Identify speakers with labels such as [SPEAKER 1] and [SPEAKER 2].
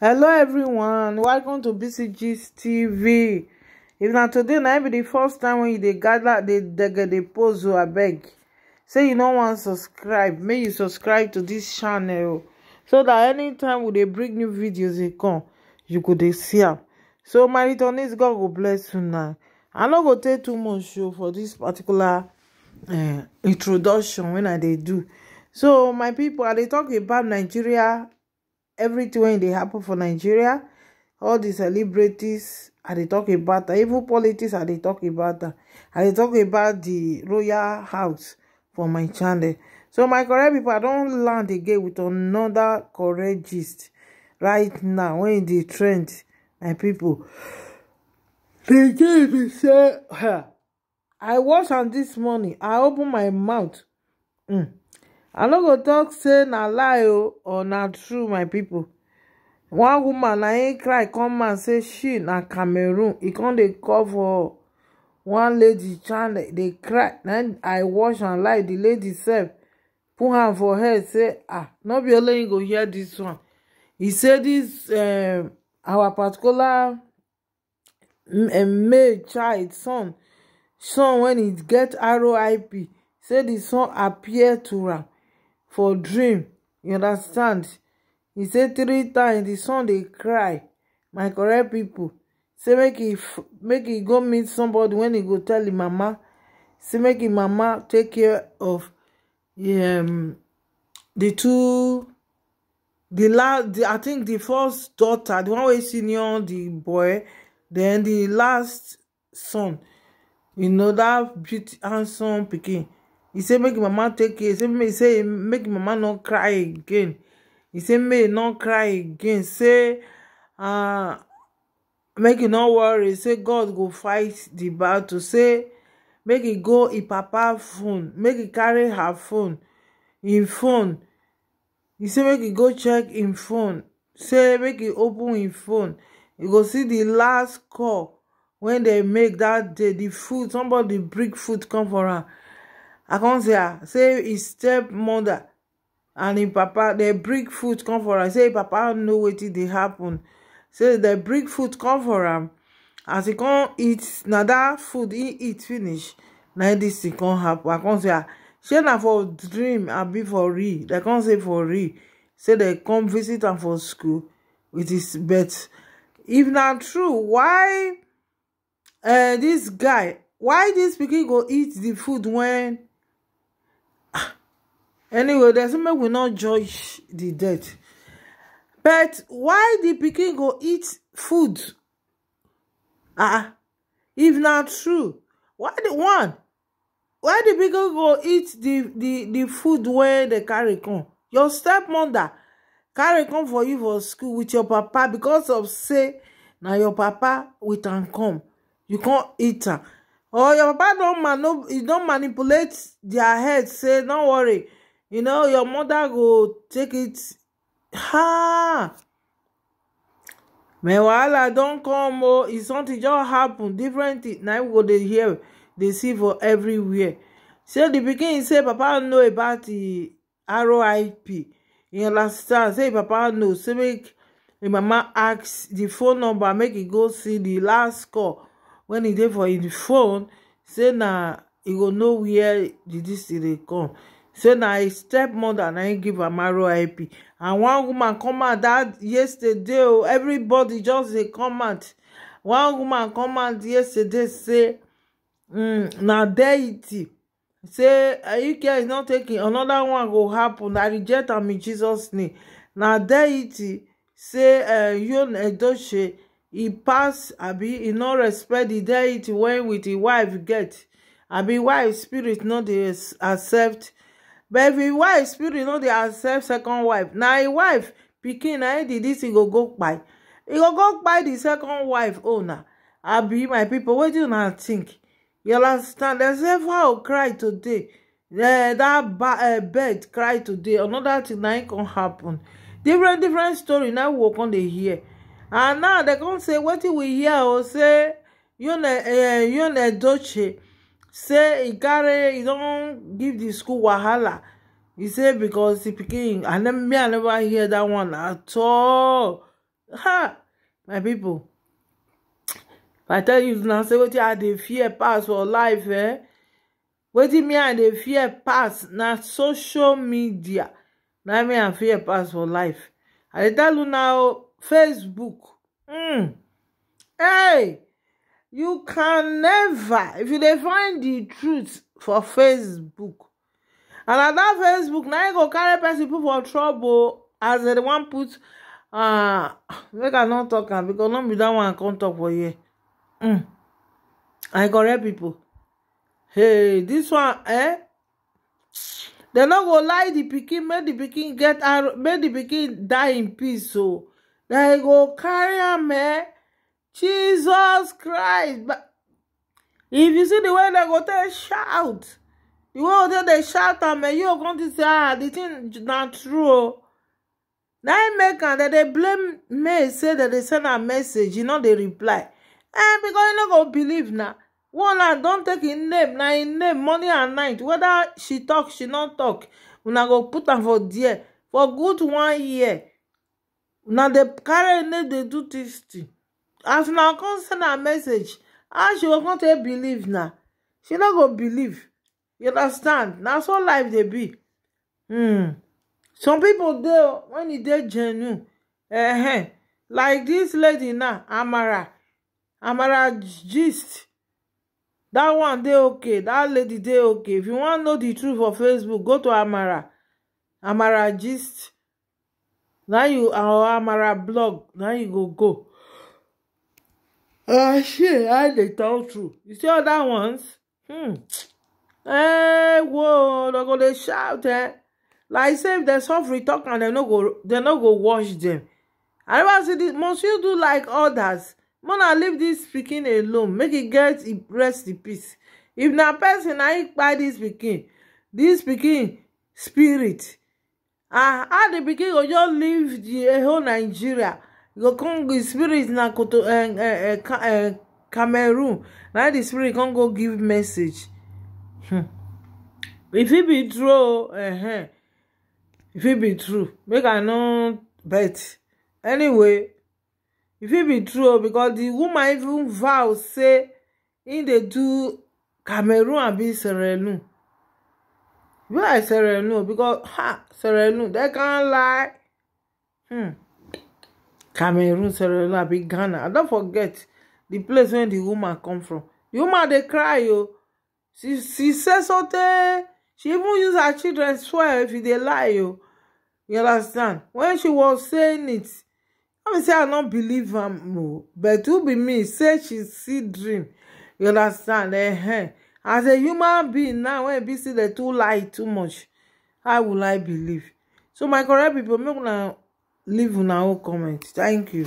[SPEAKER 1] hello everyone welcome to bcgs tv if na today na be di first time when you dey gather dey dege dey post o oh, abeg say you no wan subscribe make you subscribe to this channel oh. so dat anytime we dey bring new videos dey come you could dey see am so my returnees god will bless you now i going go take too much oh, for this particular eh, introduction When i they do so my people, i they talking about nigeria everything wey dey happen for nigeria all these celebrities i they talking about even politics i they talking about i they tok about the royal house for my channel so my correct people, i don't land again with another correct gist right now e dey trend my pipo di thing be say i wash am dis morning i open my mouth mm. i no go tok say na lie or na true my pipo one woman na him cry come out say she na cameroon e come dey call for one lady channel dey cry then i wash am like di lady sef put hand for head say ah no be only you go hear dis one He said, "This um, our particular um, male child son son when e get roip say the son appear to am for dream you understand He say three times the son dey cry my correct people. say make he make he go meet somebody when he go tell him mama say make him mama take care of um, di two the last the, i think the first daughter the one wey senior the boy then the last son you know that beauty handsome pikin he say make mama take care he say make say make mama no cry again he say make he no cry again say uh, make you no worry say god go fight the battle say make he go he papa phone make he carry her phone him phone e say make e go check im phone say make e open im phone You go see the last call when they make that day di food somebody bring food come for am i can't say ah say his step mother and his papa They bring food come for am say papa know wetin dey happen say they bring food come for him. as he can't eat na dat food he eat finish na dis thing come happen i can't say ah shey na for dream abi for real They can't say for real say they come visit and for school wit his birth if not true why Uh, this guy why this pikin go eat the food when? Ah, anyway doesn't say make we not judge the dead but why the pikin go eat food ah, ah. if not true why the one Why the pikin go eat the the the food where dem carry come your stepmother carry come for you for school with your papa because of say now your papa with am come you can't eat am or your papa don't don't manipulate their head say don't worry you know your mother go take it ha ah! Meanwhile, wahala don come o oh, e something just happen different thing now we go to hear dey see for everywhere say di pikin say papa know about di roip e understand say papa know say make im mama ask the phone number make e go see the last call when e dey for im e phone say na e go know wia di dis thing dey come say na his e stepmother na him e give am roip and one woman come out that yesterday o oh, everybody just dey come out one woman come out yesterday say mm, na deity say Are uh, you care? is not taking another one go happen i reject am in jesus name na deity say yon edoche e pass abi e no respect di deity wey with im wife get abi wife spirit no dey accept but if im wife spirit no dey accept second wife na im wife pikin na im di dis e go go kpai e go go kpai di second wife owner abi my pipo wetin una think You understand? There's ever I'll cry today. Uh, that ba uh, bed cry today. Another thing na can happen. Different different story now we walk on the hear. And now they can say wetin we hear or say You know, uh, eh, know, Doche say he carry he don't give the school wahala. He say because he picking. and then me I never hear that one at all. Ha! My people i tell you now say wetin i dey fear pass for life eh wetin me i dey fear pass na social media na me i fear pass for life i dey tell you now facebook mm. hey you can never if you dey find di truth for facebook and at that facebook now you e go carry person put for trouble as the one put uh, make i not tok because becos no be dat one i com tok for you. Mm. i go help pipo dis one eh dem no go lie di pikin make di pikin get make di pikin die in peace o dem go carry am eh? jesus christ but if you see di way dem go take shout you go take dey shout am eh? you go come to say ah di thing na true oh. na im make am dem dey blame me say dem dey send am message e no dey reply. eh because you not go believe now. one I don't take im name Now im name money and night whether she talk she not talk una go put am for there for good one year Now dey carry name they do this. thing as una come send a message how she go come take believe now. she not go believe you understand na so life they be hmm some people dey when they dey genuine uh -huh. like this lady now amara amara gist that one they okay That lady they okay if you wan know the truth for facebook go to amara amara gist Now you our amara blog Now you go go ah shit! i dey talk true you see all that ones hmm eh whoa dem gonna shout eh like say if dem suffer talk and they no go They go wash them. i never see this monsieur do like others mona leave this pikin alone make it get rest in peace if na person I buy this dis pikin dis pikin spirit ah how the pikin go just leave the eh, whole nigeria go come di spirit na koto Uh uh uh cameroon Now the spirit can go give message hmm. If e be true uh-huh. If fit be true make i know bet anyway If it be true oh, because the woman even vow say in dey do cameroon and be leone wey i sierra leone ha sierra they can't lie hmm cameroon sierra leone abi ghana i don forget the place where the woman come from di woman they cry yo. Oh. she she says something. she even use her children swear if they lie yo. Oh. you understand When she was saying it i be say i no believe am o but to be me say she see dream you understand eh as a human being now when be say dem too lie too much how will i believe so my correct people, make una leave now own comment thank you